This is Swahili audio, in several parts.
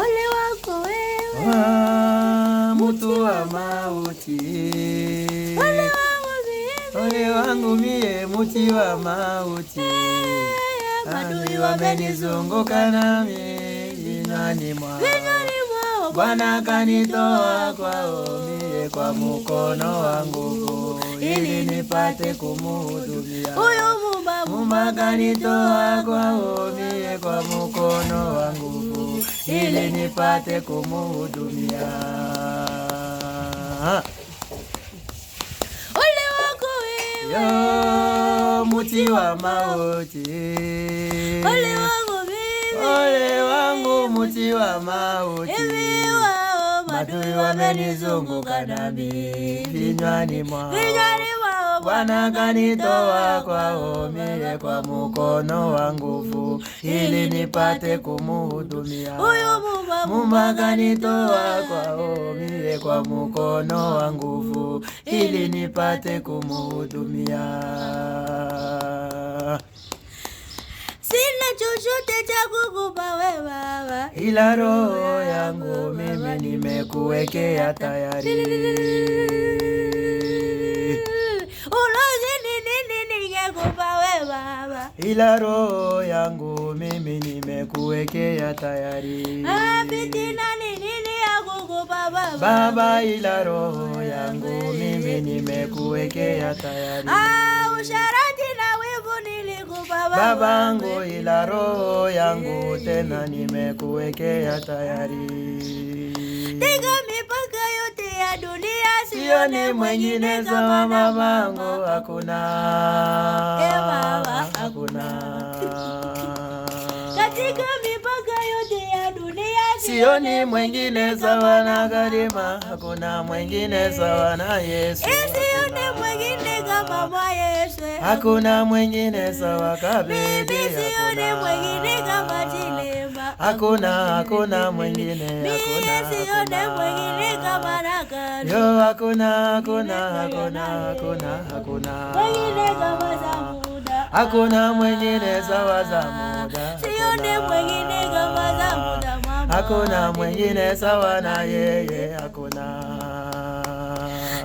Ole wako wewe mtu wa mauti, ole wangu mie mti wa mauti, eh, adui wamenizunguka nami vinywani mwao, Bwana kanitoa kwao mie kwa mkono wa nguvu, ili nipate kumuhudumia huyu mumba, kanitoa kwao mie kwa mkono wa nguvu ili nipate kumuhudumia. Ole wako wewe, muti wa mauti. Ole wangu mimi, ole wangu muti wa mauti. Adui wamenizunguka nami vinywani mwa Bwana kanitoa kwa mie kwa mkono wa nguvu, ili nipate kumuhudumia. Mumba kanitoa kwa mie kwa mkono wa nguvu, ili nipate kumuhudumia. Sina chochote cha kukupa wewe Baba, ila roho yangu mimi nimekuwekea tayari ila roho yangu mimi nimekuwekea tayari. Fitina ni nini ya baba? Baba, ila roho yangu mimi nimekuwekea tayari. Ah, usharati na babangu, ila roho yangu tena nimekuwekea tayari. Tega mipaka yote ya dunia, sione mwengine kama babangu, eh, hakuna hakuna katika sioni mwingine sawa na Karima, hakuna mwingine sawa eh, na Yesu, hakuna mwingine sawa kabidi, hakuna hakuna mwingine, yo hakuna hakuna hakuna hakuna hakuna hakuna mwingine sawa Zamuda, sioni mwingine kama Zamuda hakuna mwingine sawa na yeye, hakuna.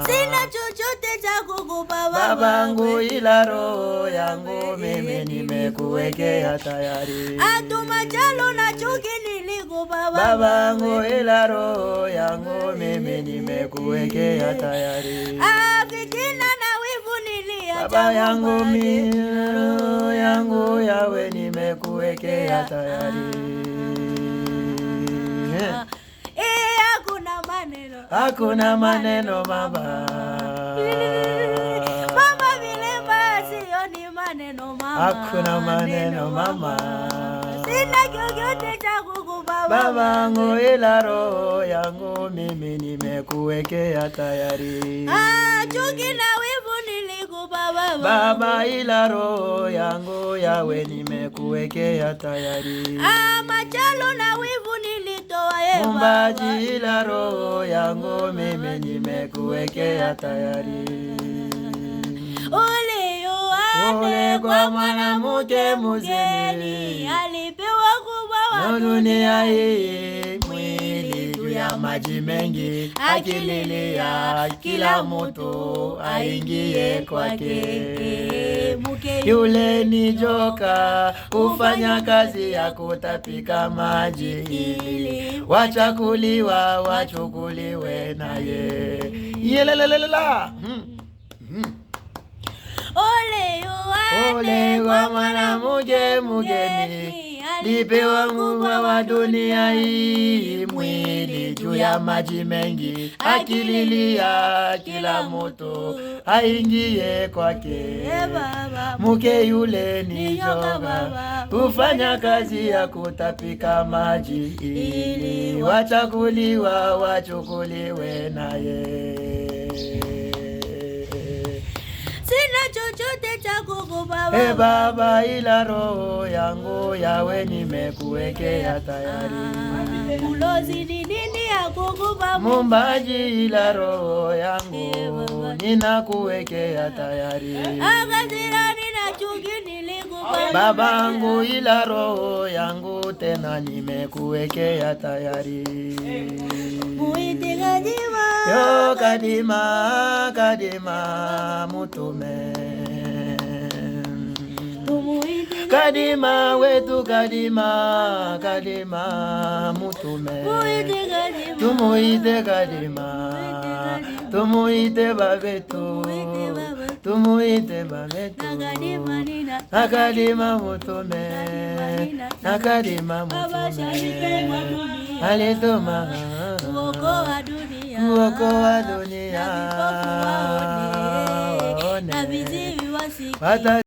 Sina chochote cha kukupa babangu, ila roho yangu mimi nimekuwekea tayari. Atuma jalo na chuki nilikupa babangu, ila roho yangu mimi nimekuwekea tayari. Afikina na wivu niliacha baba yangu, mimi roho yangu yawe nimekuwekea tayari. hakuna maneno baba, mama vilema sio ni maneno mama, hakuna maneno mama, sina chochote cha kukupa babangu, ila roho yangu mimi nimekuwekea tayari. Ah, chuki na wivu nilikupa baba, baba, ila roho yangu yawe nimekuwekea tayari. Ah, machalo na wivu Muumbaji, ila roho yangu mimi nimekuwekea tayari. Ole Yohane, kwa mwanamke mgeni alipewa kubwa wa dunia hii, mwili juu ya maji mengi, akililia kila mtu aingie kwake yule ni joka, hufanya kazi ya kutapika maji ili wachakuliwa wachukuliwe naye. Yelelelelala. hmm. Ole wa mwana muje mugeni alipewa nguvu wa dunia hii, mwili juu ya maji mengi, akililia kila moto aingie kwake. Ee Mke yule ni joga, hufanya kazi ya kutapika maji, ili wachakuliwa wachukuliwe naye. Baba, hey eh, Baba, ila roho yangu yawe nimekuwekea tayari. ni nini ya kuku Baba? Mumbaji, ila roho yangu eh, ninakuwekea tayari. ni Akasira nina chuki Baba. babangu, ila roho yangu tena nimekuwekea tayari. Muite Kadima, yo Kadima, Kadima mutume Kadima wetu Kadima, Kadima mutume, tumuite Kadima, tumuite babetu, tumuite babetu, Akadima mutume, Akadima mutume, alituma kuokoa dunia, waone